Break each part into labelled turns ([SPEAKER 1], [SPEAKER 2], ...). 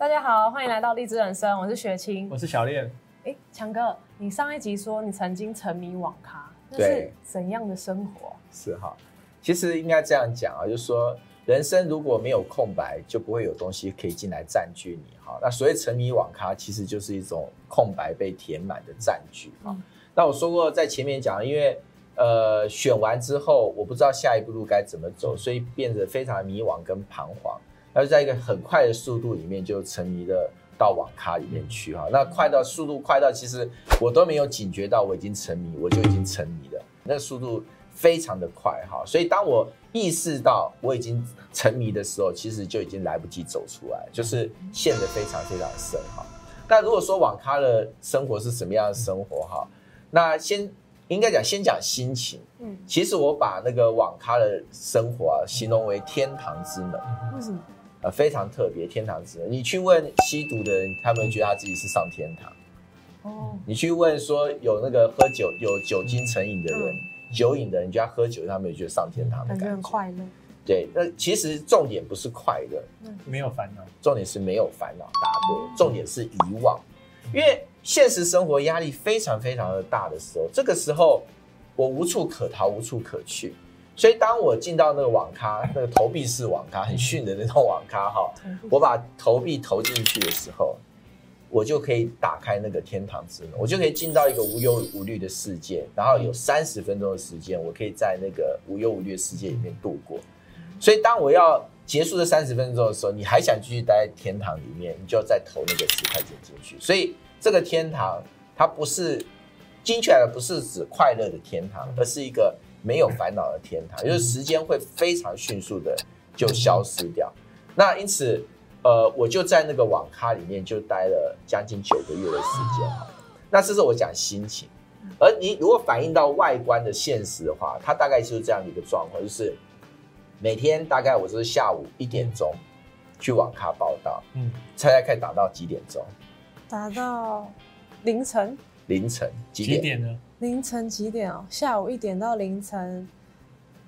[SPEAKER 1] 大家好，歡迎來到荔枝人生，我是雪清，我是小練。哎，強哥，你上一集說你曾經沉迷網咖，那是怎樣的生活？是哈，其實應該這樣講啊，就是說，人生如果沒有空白，就不會有東西可以進來占據你。哈，那所謂沉迷網咖，其實就是一種空白被填滿的占據哈，那、嗯、我說過在前面講，因為呃選完之後，我不知道下一步路該怎麼走，嗯、所以變得非常迷惘跟彷徨。那就在一個很快的速度裡面就沉迷的到網咖裡面去哈，那快到速度快到其實我都沒有警覺到我已經沉迷，我就已經沉迷了，那速度非常的快哈。所以當我意識到我已經沉迷的時候，其實就已經來不及走出來，就是陷得非常非常深哈。那如果說網咖的生活是什麼樣的生活哈，那先應該講先講心情，嗯，其實我把那個網咖的生活啊形容為天堂之門，為什麼？呃，非常特別，天堂之人。你去問吸毒的人，他們覺得他自己是上天堂。哦、你去問說有那個喝酒有酒精成癮的人，嗯嗯、酒癮的人就要喝酒，他們也覺得上天堂的感覺，感覺很快樂。對，那其實重點不是快樂，沒有煩惱，重點是沒有煩惱。大家對，重點是遺忘，嗯、因為現實生活壓力非常非常的大的時候，這個時候我無處可逃，無處可去。所以，當我進到那個網咖，那個投幣式網咖，很遜的那種網咖哈，我把投幣投進去的時候，我就可以打開那個天堂之門，我就可以進到一個無憂無慮的世界，然後有三十分鐘的時間，我可以在那個無憂無慮的世界裡面度過。所以，當我要結束這三十分鐘的時候，你還想繼續待在天堂裡面，你就要再投那個十塊錢進去。所以，這個天堂它不是精確的，不是指快樂的天堂，而是一個。沒有煩惱的天堂，就是時間會非常迅速的就消失掉。那因此，呃，我就在那個網咖裡面就待了將近九個月的時間。那這是我講心情，而你如果反映到外觀的現實的話，它大概就是這樣一個狀況，就是每天大概我就是下午一點鐘去網咖報到，嗯，猜猜可以打到幾點鐘？打到凌晨。凌晨幾點，幾點呢？凌晨幾點哦？下午一點到凌晨，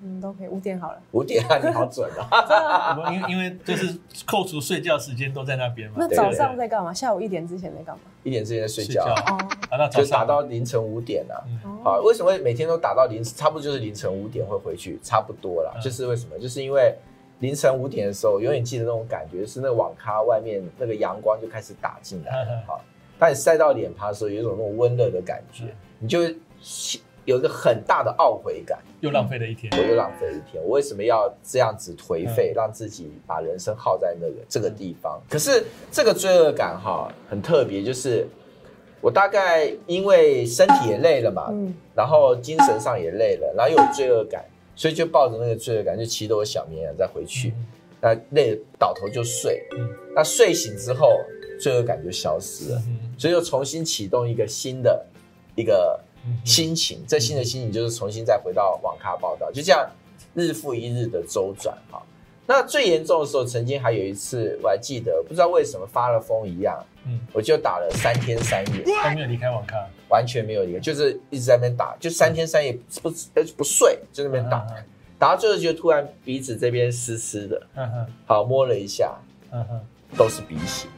[SPEAKER 1] 嗯、都可以五點好了。五點啊，你好準啊！因為就是扣除睡覺時間都在那邊嘛。那早上在幹嘛？對對對，下午一點之前在幹嘛？一點之前在睡覺。睡覺啊、哦，啊、那就打到凌晨五點啊。嗯、好，為什麼會每天都打到凌晨，差不多就是凌晨五點會回去，差不多了。啊、就是為什麼？就是因為凌晨五點的時候，永遠記得那種感覺，就是那個網咖外面那個陽光就開始打進來，啊啊好。當你曬到臉龐的時候，有一種那種溫熱的感覺，嗯、你就有一個很大的懊悔感，又浪費了一天，嗯、我又浪費了一天，我為什麼要這樣子頹廢，嗯、讓自己把人生耗在那個這個地方？嗯、可是這個罪惡感哈，很特別，就是我大概因為身體也累了嘛，嗯、然後精神上也累了，然後又有罪惡感，所以就抱着那個罪惡感，就騎着我小綿羊再回去，嗯、那累倒頭就睡，嗯、那睡醒之後，罪惡感就消失了。是是所以又重新啟動一個新的一個心情，這新的心情就是重新再回到網咖報到，就這樣日復一日的周轉哈。那最嚴重的時候，曾經還有一次，我還記得，不知道為什麼發了瘋一樣，嗯，我就打了三天三夜，沒有離開網咖，完全沒有離開，就是一直在那邊打，就三天三夜不不睡，就那邊打，打到最後就突然鼻子這邊濕濕的，好摸了一下，都是鼻血，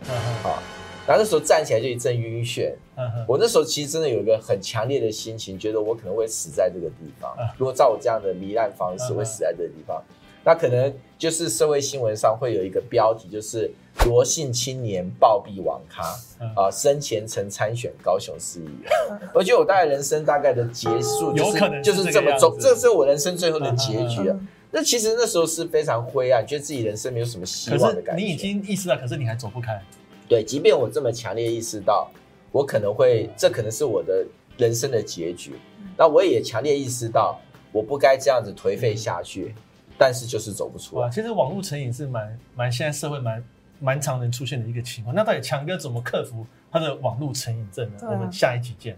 [SPEAKER 1] 然後那時候站起來就一陣暈眩，嗯、哼我那時候其實真的有一個很強烈的心情，覺得我可能會死在這個地方。嗯、哼如果照我這樣的糜爛方式，會死在這個地方。嗯、哼那可能就是社會新聞上會有一個標題，就是“羅姓青年暴斃網咖”，嗯、哼啊，生前曾參選高雄市議員。而且、嗯、哼我，我大概人生大概的結束、就是，是就是這麼走，這是我人生最後的結局了。那其實那時候是非常灰暗，覺得自己人生沒有什麼希望的感覺。你已經意識到，可是你還走不開。對，即便我這麼強烈意識到，我可能會，這可能是我的人生的結局。那我也強烈意識到，我不該這樣子頹廢下去，但是就是走不出來。哇，其實網絡成癮是蠻蠻現在社會蠻蠻常能出現的一個情況。那到底強哥怎麼克服他的網絡成癮症呢？啊、我們下一集見。